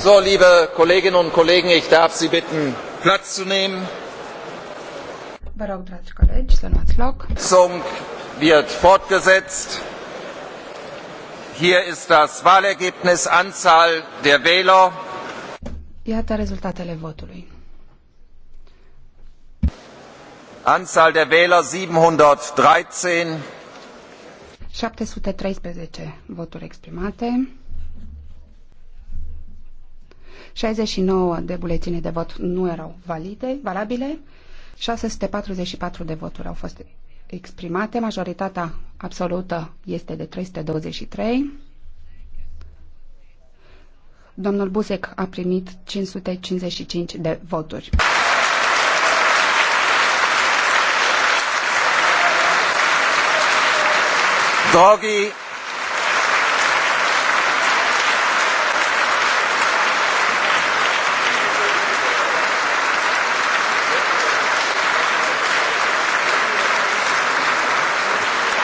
So, liebe Kolleginnen und Kollegen, ich darf Sie bitten, Platz zu nehmen. Vă rog, dragi colegi, să luați loc. Sitzung wird fortgesetzt. Hier ist das Wahlergebnis, Anzahl der Wähler. Iată rezultatele votului. Anzahl der Wähler 713. 713 voturi exprimate. 69 de buletine de vot nu erau valide, valabile, 644 de voturi au fost exprimate, majoritatea absolută este de 323. Domnul Buzek a primit 555 de voturi. Doggy.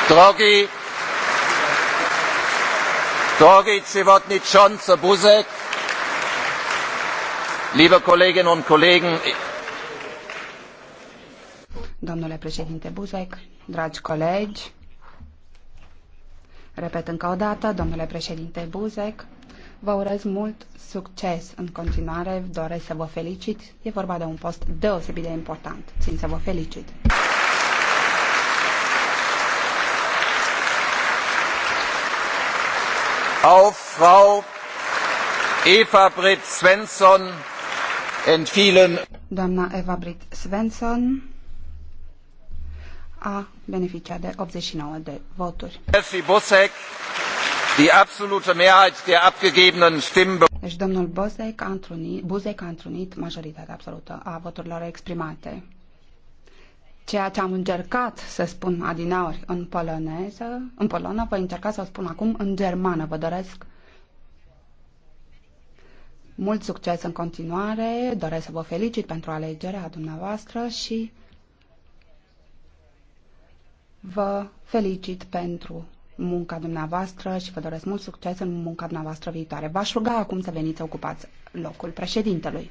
Drogi, Drogi, Civotnichon, Buzek, liebe Kolleginnen und Kollegen, Domnule președinte Buzek, dragi colegi, repet încă o dată, domnule președinte Buzek, vă urez mult succes în continuare, doresc să vă felicit, e vorba de un post deosebit de important, țin să vă felicit. auf Frau Eva Britt Svensson in vielen Doamna Eva Britt Svensson a beneficiat de 89 de voturi. Jeffy Bosek, die absolute Mehrheit der abgegebenen Stimmen. Deci domnul Bosek a întrunit, Buzek a întrunit majoritatea absolută a voturilor exprimate. Ceea ce am încercat să spun adinaori în poloneză, în polonă, voi încerca să o spun acum în germană. Vă doresc mult succes în continuare, doresc să vă felicit pentru alegerea dumneavoastră și vă felicit pentru munca dumneavoastră și vă doresc mult succes în munca dumneavoastră viitoare. V-aș ruga acum să veniți să ocupați locul președintelui.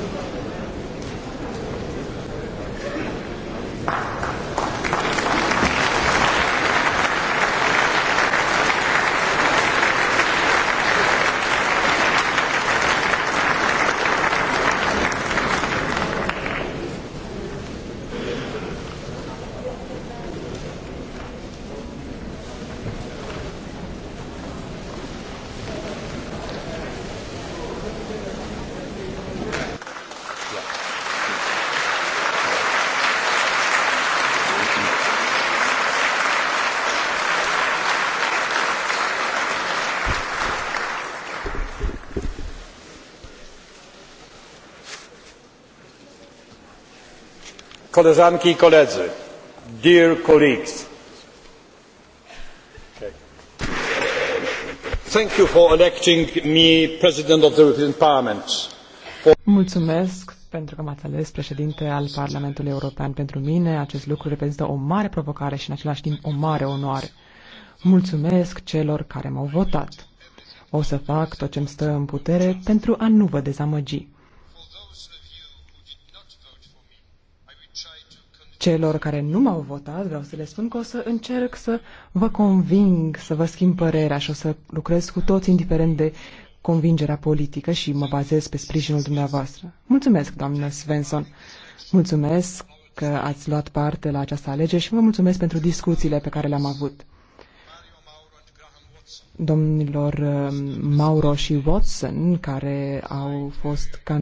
Koleżanki i koledzy, dear colleagues, thank you for electing me President of the European Parliament. Mulțumesc pentru că m-ați ales președinte al Parlamentului European. Pentru mine acest lucru reprezintă o mare provocare și în același timp o mare onoare. Mulțumesc celor care m-au votat. O să fac tot ce-mi stă în putere pentru a nu vă dezamăgi. Celor care nu m-au votat, vreau să le spun că o să încerc să vă conving, să vă schimb părerea și o să lucrez cu toți, indiferent de convingerea politică și mă bazez pe sprijinul dumneavoastră. Mulțumesc, doamnă Svensson. Mulțumesc că ați luat parte la această alege și vă mulțumesc pentru discuțiile pe care le-am avut. Domnilor uh, Mauro și Watson, care au fost